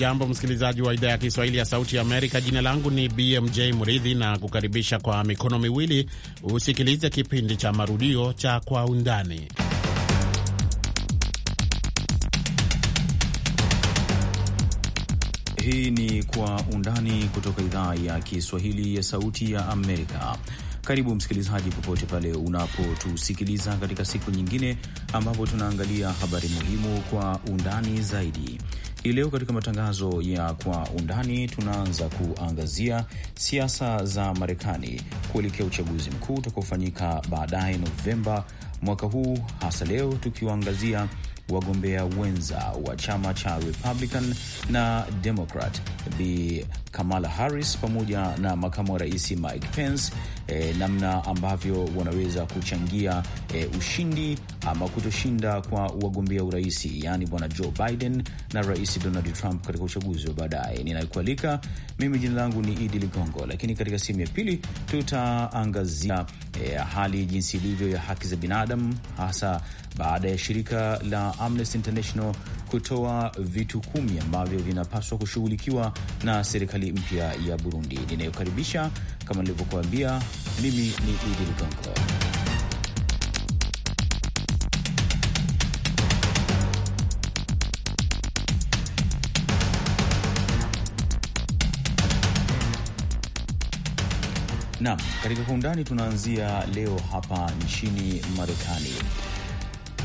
Hujambo msikilizaji wa idhaa ya Kiswahili ya Sauti ya Amerika. Jina langu ni BMJ mridhi na kukaribisha kwa mikono miwili usikilize kipindi cha marudio cha Kwa Undani. Hii ni Kwa Undani kutoka idhaa ya Kiswahili ya Sauti ya Amerika. Karibu msikilizaji, popote pale unapotusikiliza katika siku nyingine ambapo tunaangalia habari muhimu kwa undani zaidi. Hii leo katika matangazo ya Kwa Undani tunaanza kuangazia siasa za Marekani kuelekea uchaguzi mkuu utakaofanyika baadaye Novemba mwaka huu, hasa leo tukiwaangazia wagombea wenza wa chama cha Republican na Democrat Bi Kamala Harris pamoja na makamu wa rais Mike Pence e, namna ambavyo wanaweza kuchangia e, ushindi ama kutoshinda kwa wagombea uraisi, yaani bwana Joe Biden na rais Donald Trump katika uchaguzi wa baadaye. Ninakualika mimi, jina langu ni Idi Ligongo, lakini katika sehemu ya pili tutaangazia e, hali jinsi ilivyo ya haki za binadamu hasa baada ya shirika la Amnesty International kutoa vitu kumi ambavyo vinapaswa kushughulikiwa na serikali mpya ya Burundi. Ninayokaribisha kama nilivyokuambia, mimi ni Idi Ligongo. Naam, katika kwa undani tunaanzia leo hapa nchini Marekani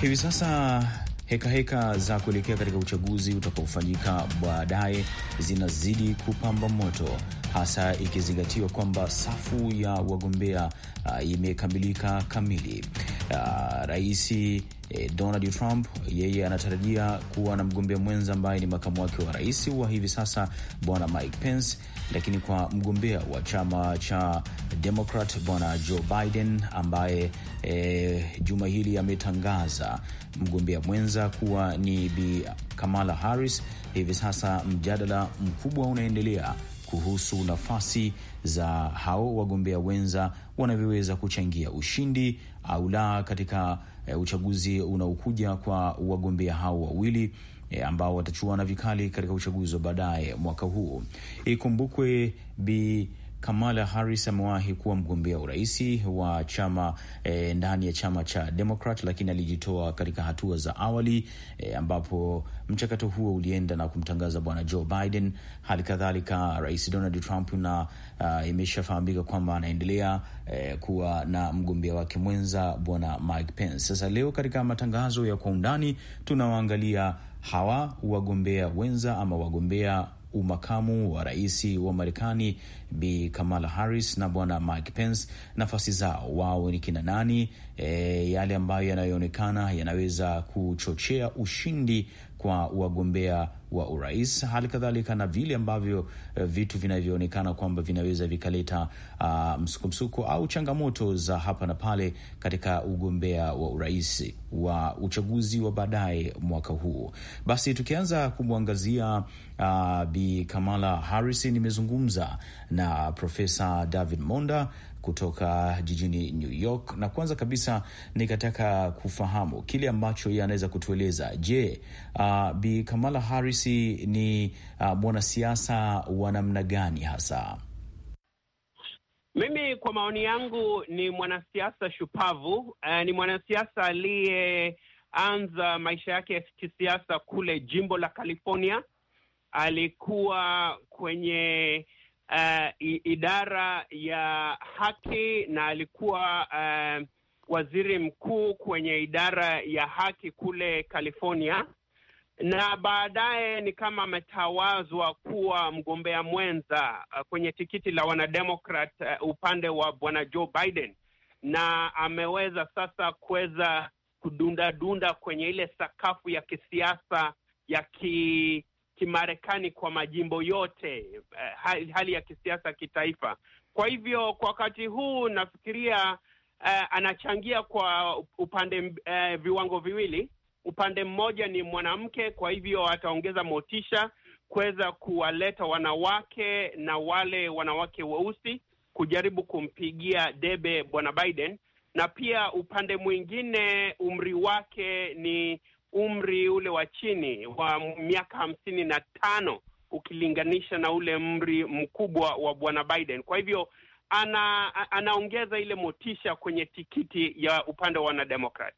Hivi sasa hekaheka heka za kuelekea katika uchaguzi utakaofanyika baadaye zinazidi kupamba moto, hasa ikizingatiwa kwamba safu ya wagombea uh, imekamilika kamili. Uh, rais eh, Donald Trump yeye anatarajia kuwa na mgombea mwenza ambaye ni makamu wake wa rais wa hivi sasa bwana Mike Pence, lakini kwa mgombea wa chama cha Democrat bwana Joe Biden ambaye eh, juma hili ametangaza mgombea mwenza kuwa ni bi Kamala Harris. Hivi sasa mjadala mkubwa unaendelea kuhusu nafasi za hao wagombea wenza wanavyoweza kuchangia ushindi au la katika e, uchaguzi unaokuja kwa wagombea hao wawili e, ambao watachuana vikali katika uchaguzi wa baadaye mwaka huu. Ikumbukwe bi Kamala Harris amewahi kuwa mgombea uraisi wa chama e, ndani ya chama cha Demokrat, lakini alijitoa katika hatua za awali e, ambapo mchakato huo ulienda na kumtangaza bwana Joe Biden. Hali kadhalika rais Donald Trump na uh, imeshafahamika kwamba anaendelea e, kuwa na mgombea wake mwenza bwana Mike Pence. Sasa leo katika matangazo ya kwa undani tunawaangalia hawa wagombea wenza ama wagombea umakamu wa rais wa Marekani Bi Kamala Harris na Bwana Mike Pence, nafasi zao wao ni kina nani? E, yale ambayo yanayoonekana yanaweza kuchochea ushindi kwa wagombea wa urais, hali kadhalika na vile ambavyo eh, vitu vinavyoonekana kwamba vinaweza vikaleta uh, msukumsuku au changamoto za hapa na pale katika ugombea wa urais wa uchaguzi wa baadaye mwaka huu. Basi tukianza kumwangazia uh, Bi Kamala Harris, nimezungumza na Profesa David Monda kutoka jijini New York, na kwanza kabisa nikataka kufahamu kile ambacho yeye anaweza kutueleza. Je, uh, Bi Kamala Harris ni uh, mwanasiasa wa namna gani hasa? Mimi kwa maoni yangu ni mwanasiasa shupavu. Uh, ni mwanasiasa aliyeanza maisha yake ya kisiasa kule jimbo la California. Alikuwa kwenye uh, idara ya haki na alikuwa uh, waziri mkuu kwenye idara ya haki kule California, na baadaye ni kama ametawazwa kuwa mgombea mwenza uh, kwenye tikiti la wanademokrat uh, upande wa bwana Joe Biden, na ameweza sasa kuweza kudundadunda kwenye ile sakafu ya kisiasa ya ki kimarekani kwa majimbo yote, eh, hali, hali ya kisiasa kitaifa. Kwa hivyo kwa wakati huu nafikiria uh, anachangia kwa upande uh, viwango viwili. Upande mmoja ni mwanamke, kwa hivyo ataongeza motisha kuweza kuwaleta wanawake na wale wanawake weusi kujaribu kumpigia debe bwana Biden, na pia upande mwingine umri wake ni umri ule wa chini wa miaka hamsini na tano ukilinganisha na ule mri mkubwa wa bwana Biden. Kwa hivyo ana, anaongeza ile motisha kwenye tikiti ya upande wa wanademokrat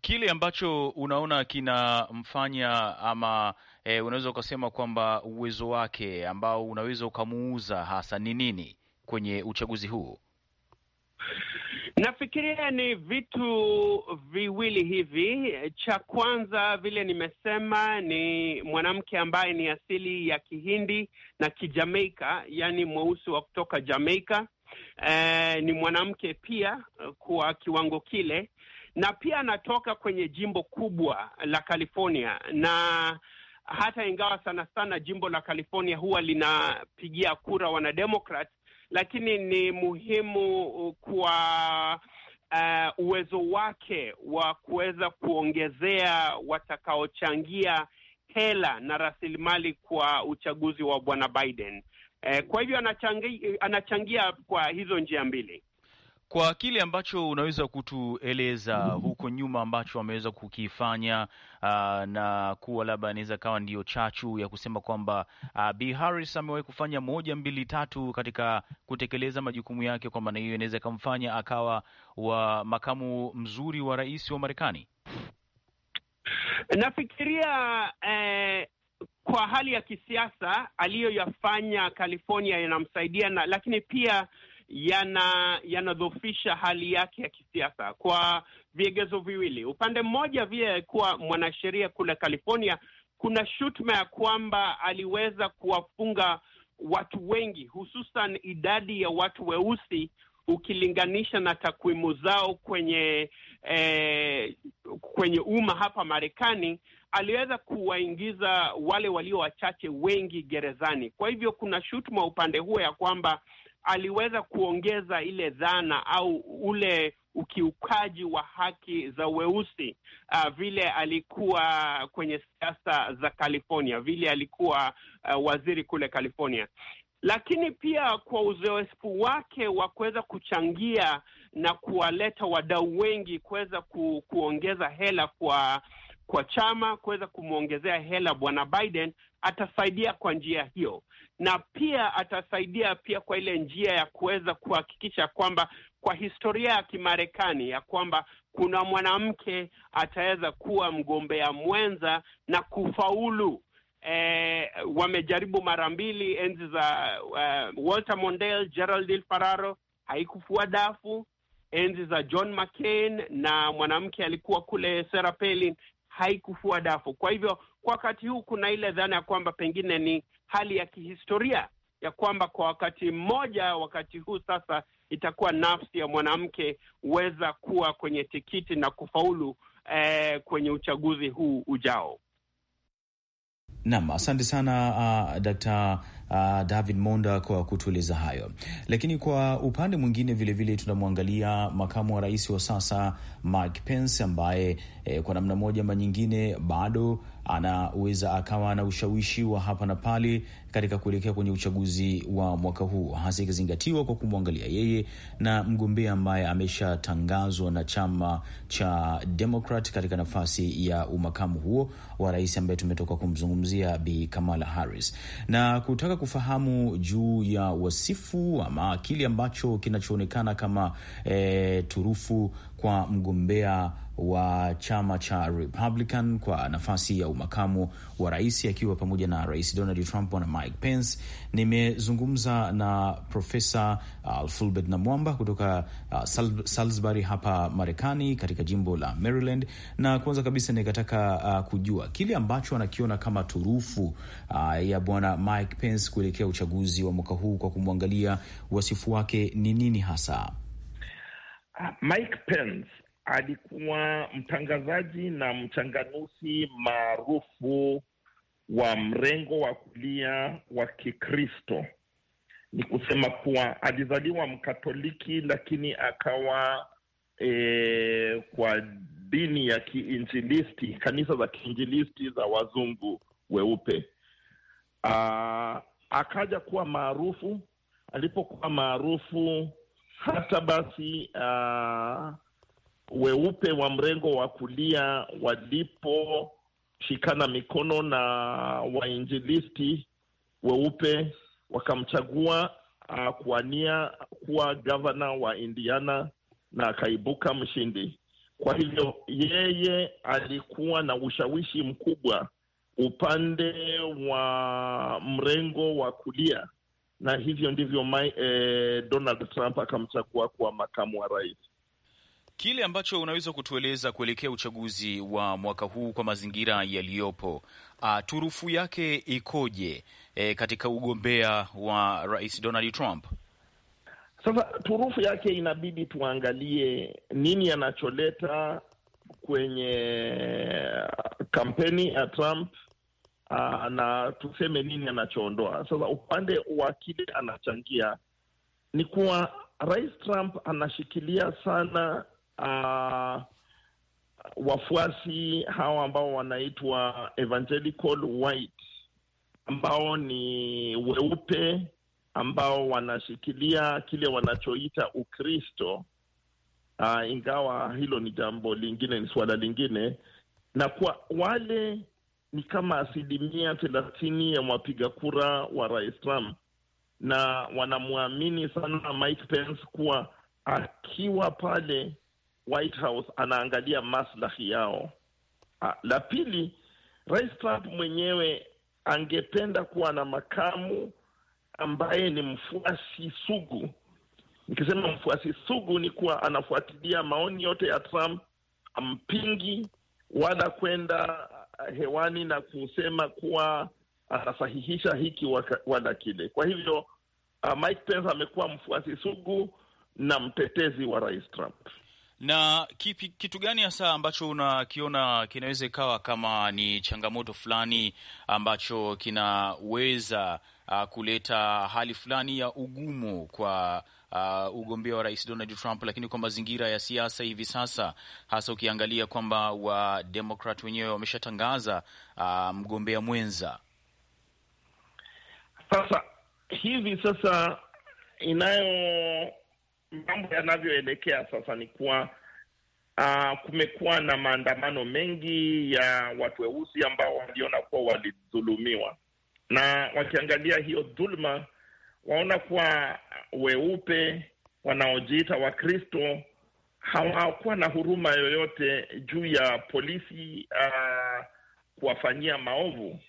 Kile ambacho unaona kinamfanya ama e, unaweza ukasema kwamba uwezo wake ambao unaweza ukamuuza hasa ni nini kwenye uchaguzi huu? Nafikiria ni vitu viwili hivi. Cha kwanza, vile nimesema, ni mwanamke ambaye ni asili ya Kihindi na Kijamaika, yaani mweusi wa kutoka Jamaika. E, ni mwanamke pia kwa kiwango kile, na pia anatoka kwenye jimbo kubwa la California na hata ingawa sana sana jimbo la California huwa linapigia kura wanademokrat, lakini ni muhimu kwa uh, uwezo wake wa kuweza kuongezea watakaochangia hela na rasilimali kwa uchaguzi wa bwana Biden. Uh, kwa hivyo anachangia, anachangia kwa hizo njia mbili kwa kile ambacho unaweza kutueleza huko nyuma ambacho wameweza kukifanya uh, na kuwa labda anaweza kawa ndiyo chachu ya kusema kwamba uh, Bi Harris amewahi kufanya moja mbili tatu katika kutekeleza majukumu yake, kwa maana hiyo inaweza ikamfanya akawa wa makamu mzuri wa rais wa Marekani. Nafikiria eh, kwa hali ya kisiasa aliyoyafanya California yanamsaidia na, lakini pia yana yanadhofisha hali yake ya kisiasa kwa viegezo viwili. Upande mmoja, vile alikuwa mwanasheria kule California, kuna shutuma ya kwamba aliweza kuwafunga watu wengi, hususan idadi ya watu weusi ukilinganisha na takwimu zao kwenye eh, kwenye umma hapa Marekani, aliweza kuwaingiza wale walio wachache wengi gerezani. Kwa hivyo kuna shutuma upande huo ya kwamba aliweza kuongeza ile dhana au ule ukiukaji wa haki za weusi uh, vile alikuwa kwenye siasa za California, vile alikuwa uh, waziri kule California, lakini pia kwa uzoefu wake wa kuweza kuchangia na kuwaleta wadau wengi kuweza ku, kuongeza hela kwa kwa chama kuweza kumwongezea hela Bwana Biden atasaidia kwa njia hiyo, na pia atasaidia pia kwa ile njia ya kuweza kuhakikisha kwamba kwa historia ya Kimarekani ya kwamba kuna mwanamke ataweza kuwa mgombea mwenza na kufaulu. Eh, wamejaribu mara mbili enzi za uh, Walter Mondale, Geraldine Ferraro haikufua dafu. Enzi za John McCain na mwanamke alikuwa kule Sarah Palin haikufua dafu. Kwa hivyo kwa wakati huu kuna ile dhana ya kwamba pengine ni hali ya kihistoria ya kwamba kwa wakati mmoja, wakati huu sasa, itakuwa nafsi ya mwanamke huweza kuwa kwenye tikiti na kufaulu eh, kwenye uchaguzi huu ujao. Nam, asante sana uh, Dr. uh, David Monda kwa kutueleza hayo. Lakini kwa upande mwingine vilevile tunamwangalia makamu wa rais wa sasa Mike Pence ambaye eh, kwa namna moja ama nyingine bado anaweza akawa na ushawishi wa hapa na pale katika kuelekea kwenye uchaguzi wa mwaka huu, hasa ikizingatiwa kwa kumwangalia yeye na mgombea ambaye ameshatangazwa na chama cha Demokrat katika nafasi ya umakamu huo wa rais ambaye tumetoka kumzungumzia Bi Kamala Harris, na kutaka kufahamu juu ya wasifu ama kile ambacho kinachoonekana kama e, turufu kwa mgombea wa chama cha Republican kwa nafasi ya umakamu wa rais akiwa pamoja na Rais Donald Trump na Mike Pence. Nimezungumza na Profesa uh, Fulbert Namwamba kutoka uh, Sal Salisbury hapa Marekani katika jimbo la Maryland, na kwanza kabisa nikataka uh, kujua kile ambacho anakiona kama turufu uh, ya bwana Mike Pence kuelekea uchaguzi wa mwaka huu kwa kumwangalia wasifu wake ni nini hasa. Mike Pence alikuwa mtangazaji na mchanganuzi maarufu wa mrengo wa kulia wa Kikristo. Ni kusema kuwa alizaliwa Mkatoliki, lakini akawa e, kwa dini ya kiinjilisti, kanisa za kiinjilisti za wazungu weupe. Aa, akaja kuwa maarufu. Alipokuwa maarufu hata basi uh, weupe wa mrengo wa kulia waliposhikana mikono na wainjilisti weupe wakamchagua uh, ah, kuania kuwa gavana wa Indiana na akaibuka mshindi. Kwa hivyo yeye alikuwa na ushawishi mkubwa upande wa mrengo wa kulia na hivyo ndivyo my, eh, Donald Trump akamchagua kuwa makamu wa rais. Kile ambacho unaweza kutueleza kuelekea uchaguzi wa mwaka huu kwa mazingira yaliyopo, uh, turufu yake ikoje eh, katika ugombea wa rais Donald Trump? Sasa turufu yake inabidi tuangalie nini anacholeta kwenye eh, kampeni ya Trump uh, na tuseme nini anachoondoa. Sasa upande wa kile anachangia ni kuwa Rais Trump anashikilia sana uh, wafuasi hawa ambao wanaitwa evangelical white ambao ni weupe ambao wanashikilia kile wanachoita Ukristo. Uh, ingawa hilo ni jambo lingine, ni suala lingine, na kwa wale ni kama asilimia thelathini ya wapiga kura wa rais Trump, na wanamwamini sana Mike Pence kuwa akiwa pale White House anaangalia maslahi yao. Ah, la pili, rais Trump mwenyewe angependa kuwa na makamu ambaye ni mfuasi sugu. Nikisema mfuasi sugu ni kuwa anafuatilia maoni yote ya Trump, ampingi wala kwenda Eh, hewani na kusema kuwa anasahihisha hiki wala kile. Kwa hivyo uh, Mike Pence amekuwa mfuasi sugu na mtetezi wa Rais Trump. Na kipi, kitu gani hasa ambacho unakiona kinaweza ikawa kama ni changamoto fulani ambacho kinaweza uh, kuleta hali fulani ya ugumu kwa uh, ugombea wa rais Donald Trump, lakini kwa mazingira ya siasa hivi sasa, hasa ukiangalia kwamba Wademokrat wenyewe wameshatangaza uh, mgombea mwenza sasa hivi sasa inayo mambo yanavyoelekea sasa ni kuwa uh, kumekuwa na maandamano mengi ya watu weusi ambao waliona kuwa walidhulumiwa, na wakiangalia hiyo dhuluma waona kuwa weupe wanaojiita Wakristo hawakuwa na huruma yoyote juu ya polisi uh, kuwafanyia maovu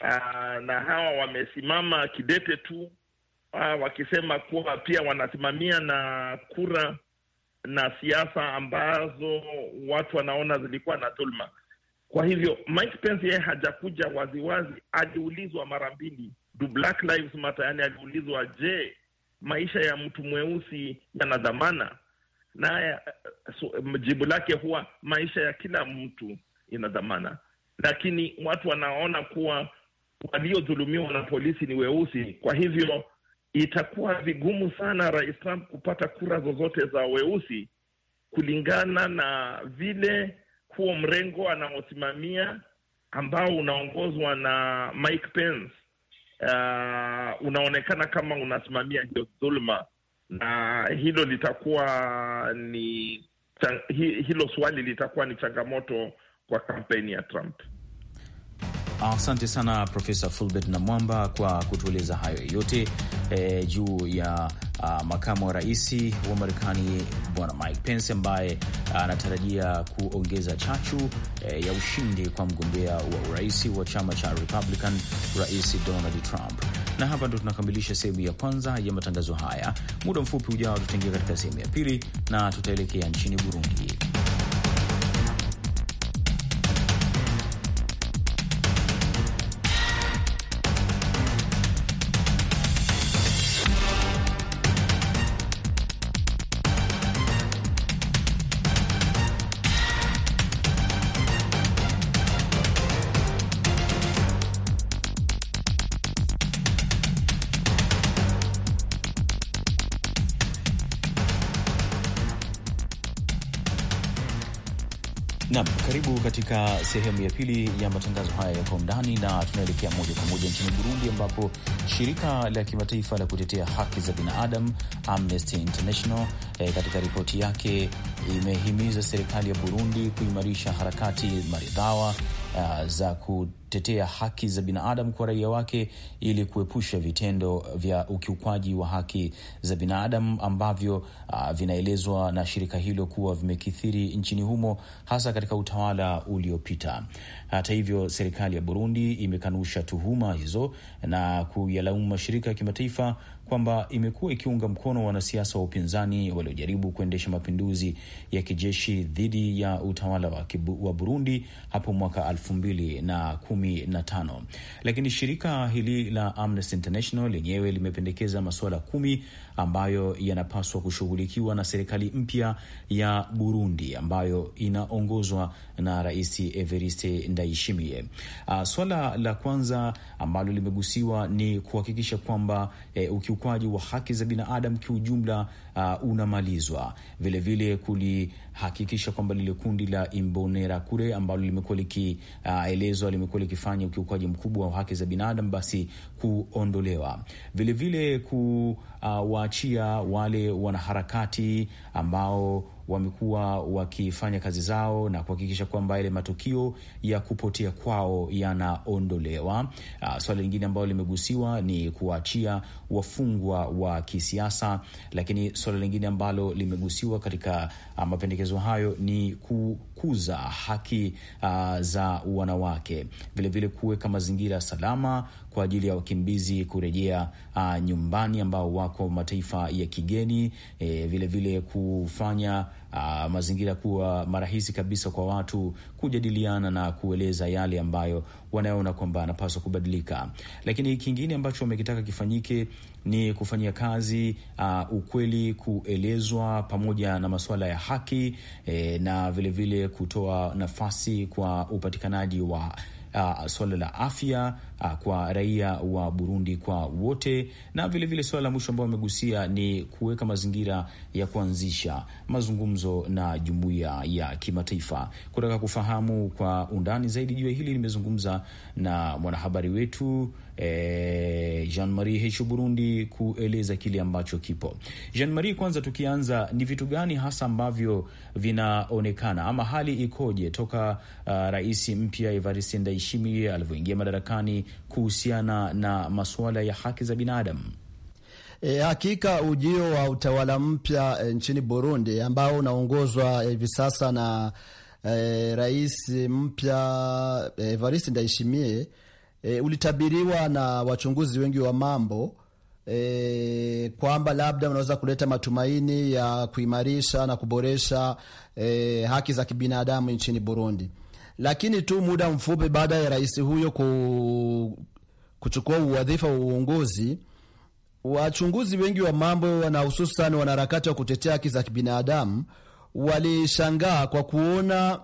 uh, na hawa wamesimama kidete tu uh, wakisema kuwa pia wanasimamia na kura na siasa ambazo watu wanaona zilikuwa na dhuluma. Kwa hivyo Mike Pence yeye hajakuja waziwazi, aliulizwa mara mbili do Black Lives Matter, yani aliulizwa, je, maisha ya mtu mweusi yana dhamana? Naye eh, so, jibu lake huwa maisha ya kila mtu ina dhamana, lakini watu wanaona kuwa waliodhulumiwa na polisi ni weusi. Kwa hivyo itakuwa vigumu sana Rais Trump kupata kura zozote za weusi kulingana na vile huo mrengo anaosimamia ambao unaongozwa na Mike Pence uh, unaonekana kama unasimamia hiyo dhuluma, na hilo litakuwa ni hilo swali litakuwa ni changamoto kwa kampeni ya Trump. Asante sana Profesa Fulbert na Mwamba kwa kutueleza hayo yote eh, juu ya uh, makamu wa rais wa Marekani bwana Mike Pence ambaye anatarajia uh, kuongeza chachu uh, ya ushindi kwa mgombea wa urais wa chama cha Republican, Rais Donald Trump. Na hapa ndo tunakamilisha sehemu ya kwanza ya matangazo haya. Muda mfupi ujao, tutaingia katika sehemu ya pili na tutaelekea nchini Burundi. sehemu ya pili ya matangazo haya ya kwa undani, na tunaelekea moja kwa moja nchini Burundi ambapo shirika la kimataifa la kutetea haki za binadamu Amnesty International eh, katika ripoti yake imehimiza serikali ya Burundi kuimarisha harakati maridhawa uh, za kutetea haki za binadamu kwa raia wake ili kuepusha vitendo vya ukiukwaji wa haki za binadamu ambavyo uh, vinaelezwa na shirika hilo kuwa vimekithiri nchini humo hasa katika utawala uliopita. Hata hivyo, serikali ya Burundi imekanusha tuhuma hizo na kuyalaumu mashirika ya kimataifa kwamba imekuwa ikiunga mkono wanasiasa wa upinzani waliojaribu kuendesha mapinduzi ya kijeshi dhidi ya utawala wa, kibu, wa Burundi hapo mwaka elfu mbili na kumi na tano, lakini shirika hili la Amnesty International lenyewe limependekeza masuala kumi ambayo yanapaswa kushughulikiwa na serikali mpya ya Burundi ambayo inaongozwa na Rais Evariste Ndayishimiye. Uh, swala la kwanza ambalo limegusiwa ni kuhakikisha kwamba eh, ukiukwaji wa haki za binadamu kiujumla uh, unamalizwa, vilevile kulihakikisha kwamba lile kundi la kure ambalo limekuwa likielezwa ah, uh, limekuwa likifanya ukiukwaji mkubwa wa haki za binadamu basi kuondolewa, vilevile ku kuwaachia wale wanaharakati ambao wamekuwa wakifanya kazi zao na kuhakikisha kwamba yale matukio ya kupotea kwao yanaondolewa. Uh, ah, swala lingine ambalo limegusiwa ni kuwaachia wafungwa wa kisiasa, lakini swala lingine ambalo limegusiwa katika uh, mapendekezo hayo ni kukuza haki uh, za wanawake, vilevile kuweka mazingira salama kwa ajili ya wakimbizi kurejea uh, nyumbani ambao wako mataifa ya kigeni, vilevile eh, vile kufanya uh, mazingira kuwa marahisi kabisa kwa watu kujadiliana na kueleza yale ambayo wanaona kwamba anapaswa kubadilika. Lakini kingine ambacho wamekitaka kifanyike ni kufanyia kazi uh, ukweli kuelezwa pamoja na masuala ya haki eh, na vilevile vile kutoa nafasi kwa upatikanaji wa uh, ah, suala la afya uh, kwa raia wa Burundi kwa wote, na vilevile suala la mwisho ambayo amegusia ni kuweka mazingira ya kuanzisha mazungumzo na jumuiya ya kimataifa. Kutaka kufahamu kwa undani zaidi juu ya hili, nimezungumza na mwanahabari wetu eh, Jean Marie Hichu Burundi kueleza kile ambacho kipo. Jean Marie, kwanza tukianza, ni vitu gani hasa ambavyo vinaonekana ama hali ikoje toka uh, rais mpya Evariste Ndayishimiye alivyoingia madarakani kuhusiana na masuala ya haki za binadamu. E, hakika ujio wa utawala mpya e, nchini Burundi ambao unaongozwa e, hivi e, sasa na e, rais mpya e, Evariste Ndayishimiye e, ulitabiriwa na wachunguzi wengi wa mambo e, kwamba labda unaweza kuleta matumaini ya kuimarisha na kuboresha e, haki za kibinadamu nchini Burundi lakini tu muda mfupi baada ya rais huyo ku, kuchukua uwadhifa wa uongozi, wachunguzi wengi wa mambo na hususan wanaharakati wa kutetea haki za kibinadamu walishangaa kwa kuona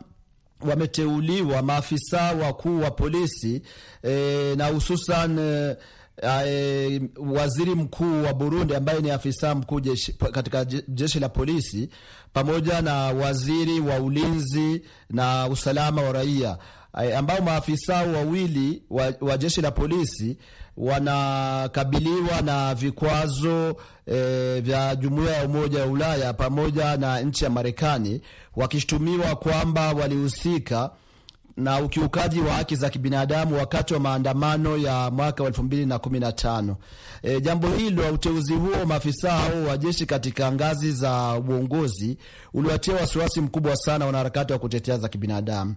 wameteuliwa maafisa wakuu wa polisi e, na hususan e, Ae, eh, waziri mkuu wa Burundi ambaye ni afisa mkuu jeshi, katika jeshi la polisi pamoja na waziri wa ulinzi na usalama wa raia eh, ambao maafisa wawili wa, wa jeshi la polisi wanakabiliwa na vikwazo e, vya jumuiya ya Umoja wa Ulaya pamoja na nchi ya Marekani wakishutumiwa kwamba walihusika na ukiukaji wa haki za kibinadamu wakati wa maandamano ya mwaka wa elfu mbili na kumi na tano. E, jambo hilo, uteuzi huo maafisa hao wa jeshi katika ngazi za uongozi uliwatia wasiwasi mkubwa sana wanaharakati wa kutetea za kibinadamu.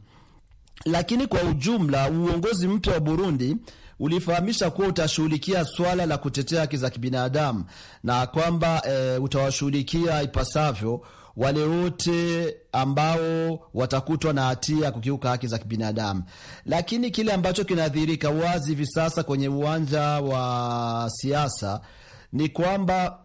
Lakini kwa ujumla uongozi mpya wa Burundi ulifahamisha kuwa utashughulikia swala la kutetea haki za kibinadamu na kwamba e, utawashughulikia ipasavyo wale wote ambao watakutwa na hatia kukiuka haki za kibinadamu. Lakini kile ambacho kinadhihirika wazi hivi sasa kwenye uwanja wa siasa ni kwamba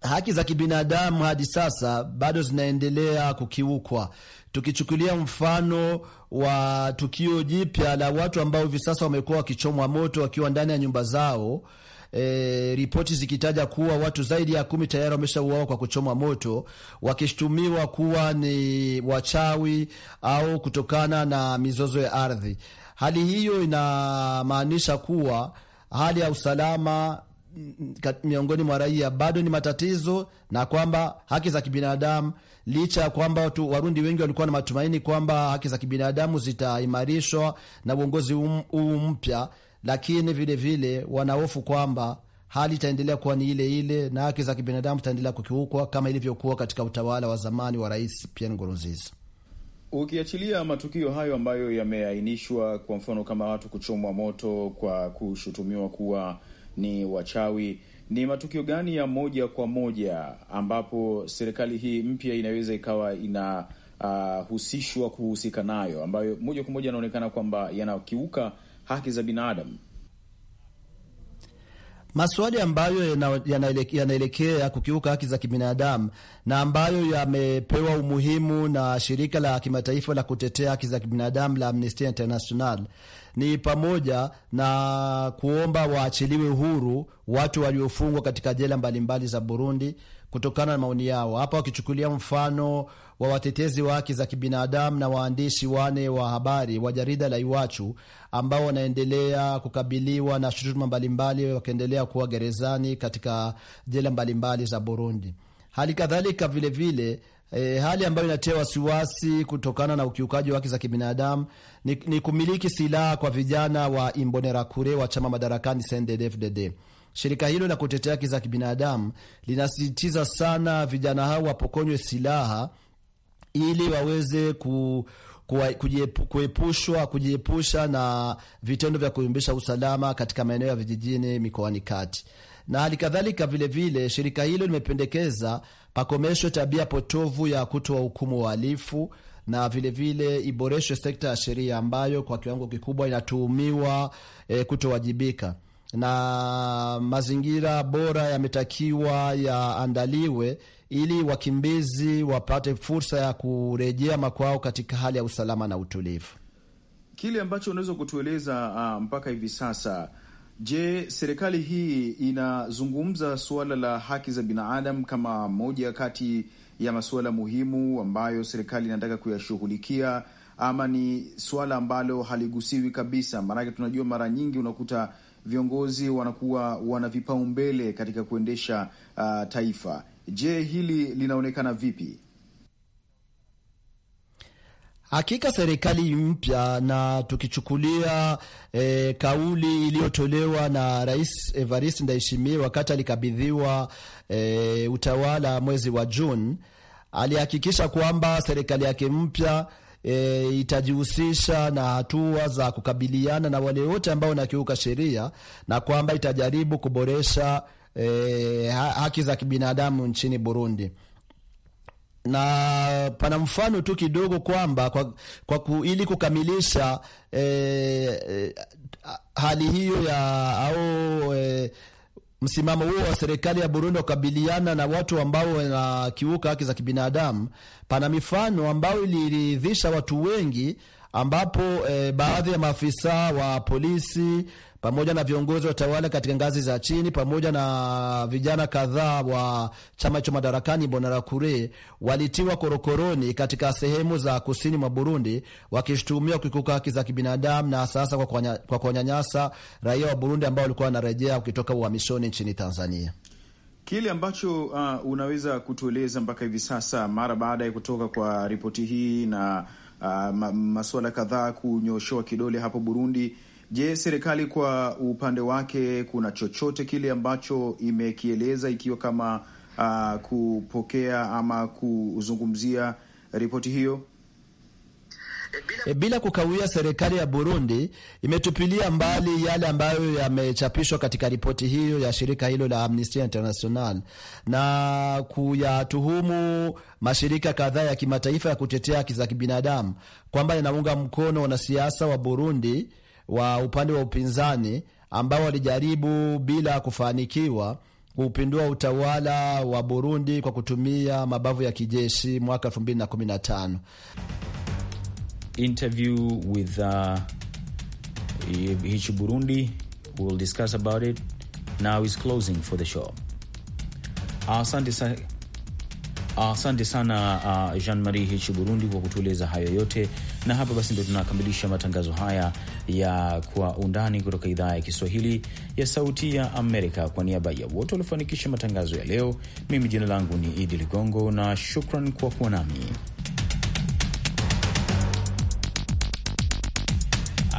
haki za kibinadamu hadi sasa bado zinaendelea kukiukwa. Tukichukulia mfano wa tukio jipya la watu ambao hivi sasa wamekuwa wakichomwa moto wakiwa ndani ya nyumba zao e, ripoti zikitaja kuwa watu zaidi ya kumi tayari wameshauawa kwa kuchomwa moto, wakishutumiwa kuwa ni wachawi au kutokana na mizozo ya ardhi. Hali hiyo inamaanisha kuwa hali ya usalama miongoni mwa raia bado ni matatizo na kwamba haki za kibinadamu licha ya kwamba watu Warundi wengi walikuwa na matumaini kwamba haki za kibinadamu zitaimarishwa na uongozi um, huu mpya, lakini vilevile wanahofu kwamba hali itaendelea kuwa ni ile ile na haki za kibinadamu itaendelea kukiukwa kama ilivyokuwa katika utawala wa zamani wa Rais Pierre Nkurunziza. Ukiachilia matukio hayo ambayo yameainishwa, kwa mfano kama watu kuchomwa moto kwa kushutumiwa kuwa ni wachawi, ni matukio gani ya moja kwa moja ambapo serikali hii mpya inaweza ikawa inahusishwa uh, kuhusika nayo ambayo moja kwa moja yanaonekana kwamba yanakiuka haki za binadamu. Maswali ambayo yanaelekea yanaelekea kukiuka haki za kibinadamu na ambayo yamepewa umuhimu na shirika la kimataifa la kutetea haki za kibinadamu la Amnesty International ni pamoja na kuomba waachiliwe huru watu waliofungwa katika jela mbalimbali za Burundi kutokana na maoni yao, hapa wakichukulia mfano wa watetezi wa haki za kibinadamu na waandishi wane wa habari wa jarida la Iwachu ambao wanaendelea kukabiliwa na shutuma mbalimbali, wakiendelea kuwa gerezani katika jela mbalimbali za Burundi. Hali kadhalika vilevile E, eh, hali ambayo inatia wasiwasi kutokana na ukiukaji wa haki za kibinadamu ni, ni kumiliki silaha kwa vijana wa Imbonerakure wa chama madarakani CNDD-FDD. Shirika hilo la kutetea haki za kibinadamu linasisitiza sana vijana hao wapokonywe silaha ili waweze ku kuepushwa kujiepusha na vitendo vya kuyumbisha usalama katika maeneo ya vijijini mikoani kati. Na hali kadhalika, vilevile shirika hilo limependekeza pakomeshwe tabia potovu ya kutoa hukumu wahalifu na vilevile vile iboreshwe sekta ya sheria ambayo kwa kiwango kikubwa inatuhumiwa e, kutowajibika na mazingira bora yametakiwa yaandaliwe ili wakimbizi wapate fursa ya kurejea makwao katika hali ya usalama na utulivu. Kile ambacho unaweza kutueleza uh, mpaka hivi sasa, je, serikali hii inazungumza suala la haki za binadamu kama moja kati ya masuala muhimu ambayo serikali inataka kuyashughulikia ama ni suala ambalo haligusiwi kabisa? Maanake tunajua mara nyingi unakuta viongozi wanakuwa wana vipaumbele katika kuendesha uh, taifa. Je, hili linaonekana vipi? Hakika serikali mpya na tukichukulia e, kauli iliyotolewa na Rais Evariste Ndayishimiye wakati alikabidhiwa e, utawala mwezi wa Juni, alihakikisha kwamba serikali yake mpya e, itajihusisha na hatua za kukabiliana na wale wote ambao wanakiuka sheria na kwamba itajaribu kuboresha e, haki za kibinadamu nchini Burundi na pana mfano tu kidogo kwamba kwa, kwa ku, ili kukamilisha e, e hali hiyo ya au e, msimamo huo wa serikali ya Burundi wakabiliana na watu ambao wanakiuka haki za kibinadamu. Pana mifano ambayo iliridhisha watu wengi ambapo e, baadhi ya maafisa wa polisi pamoja na viongozi wa tawala katika ngazi za chini pamoja na vijana kadhaa wa chama hicho madarakani Imbonerakure walitiwa korokoroni katika sehemu za kusini mwa Burundi wakishutumiwa kukiuka haki za kibinadamu na sasa kwa kuwanyanyasa raia wa Burundi ambao walikuwa wanarejea kutoka uhamishoni nchini Tanzania. Kile ambacho uh, unaweza kutueleza mpaka hivi sasa mara baada ya kutoka kwa ripoti hii na uh, masuala kadhaa kunyoshoa kidole hapo Burundi. Je, serikali kwa upande wake kuna chochote kile ambacho imekieleza ikiwa kama uh, kupokea ama kuzungumzia ripoti hiyo? Eh, bila kukawia, serikali ya Burundi imetupilia mbali yale ambayo yamechapishwa katika ripoti hiyo ya shirika hilo la Amnesty International na kuyatuhumu mashirika kadhaa ya kimataifa ya kutetea haki za kibinadamu kwamba yanaunga mkono wanasiasa wa Burundi wa upande wa upinzani ambao walijaribu bila kufanikiwa kupindua utawala wa Burundi kwa kutumia mabavu ya kijeshi mwaka 2015 interview with uh, Hichi Burundi. We'll discuss about it. Now is closing for the show. Asante sana. Asante sana uh, Jean Marie Hichi Burundi kwa kutueleza hayo yote, na hapa basi ndo tunakamilisha matangazo haya ya Kwa Undani kutoka idhaa ya Kiswahili ya Sauti ya Amerika. Kwa niaba ya wote waliofanikisha matangazo ya leo, mimi jina langu ni Idi Ligongo na shukran kwa kuwa nami.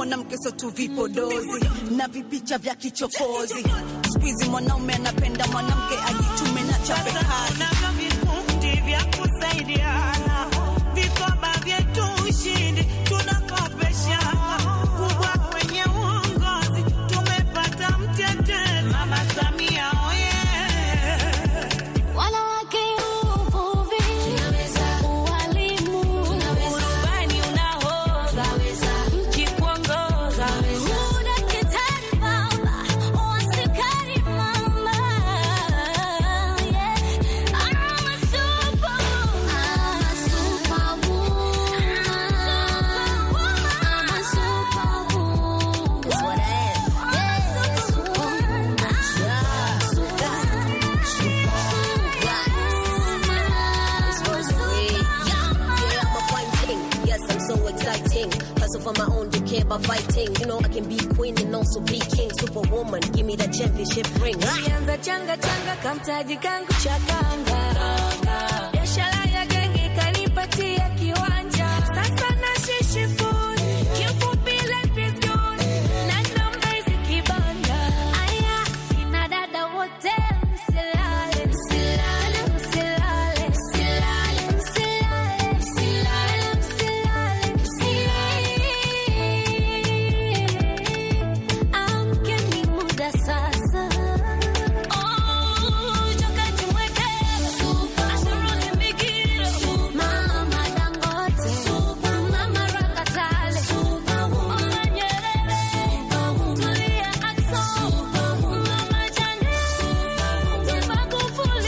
mwanamkeso tu vipodozi na vipicha vya kichokozi. Siku hizi mwanaume anapenda mwanamke ajitume na chape vikundi kusaidiana, vikoba vyetu tuna of on my own, you care about fighting. You know, I can be queen and also be king. Superwoman, give me that championship ring. Changa, changa,